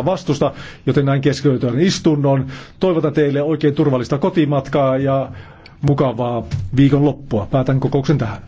vastusta, joten näin keskeytetään istunnon. Toivotan teille oikein turvallista kotimatkaa ja mukavaa viikonloppua. Päätän kokouksen tähän.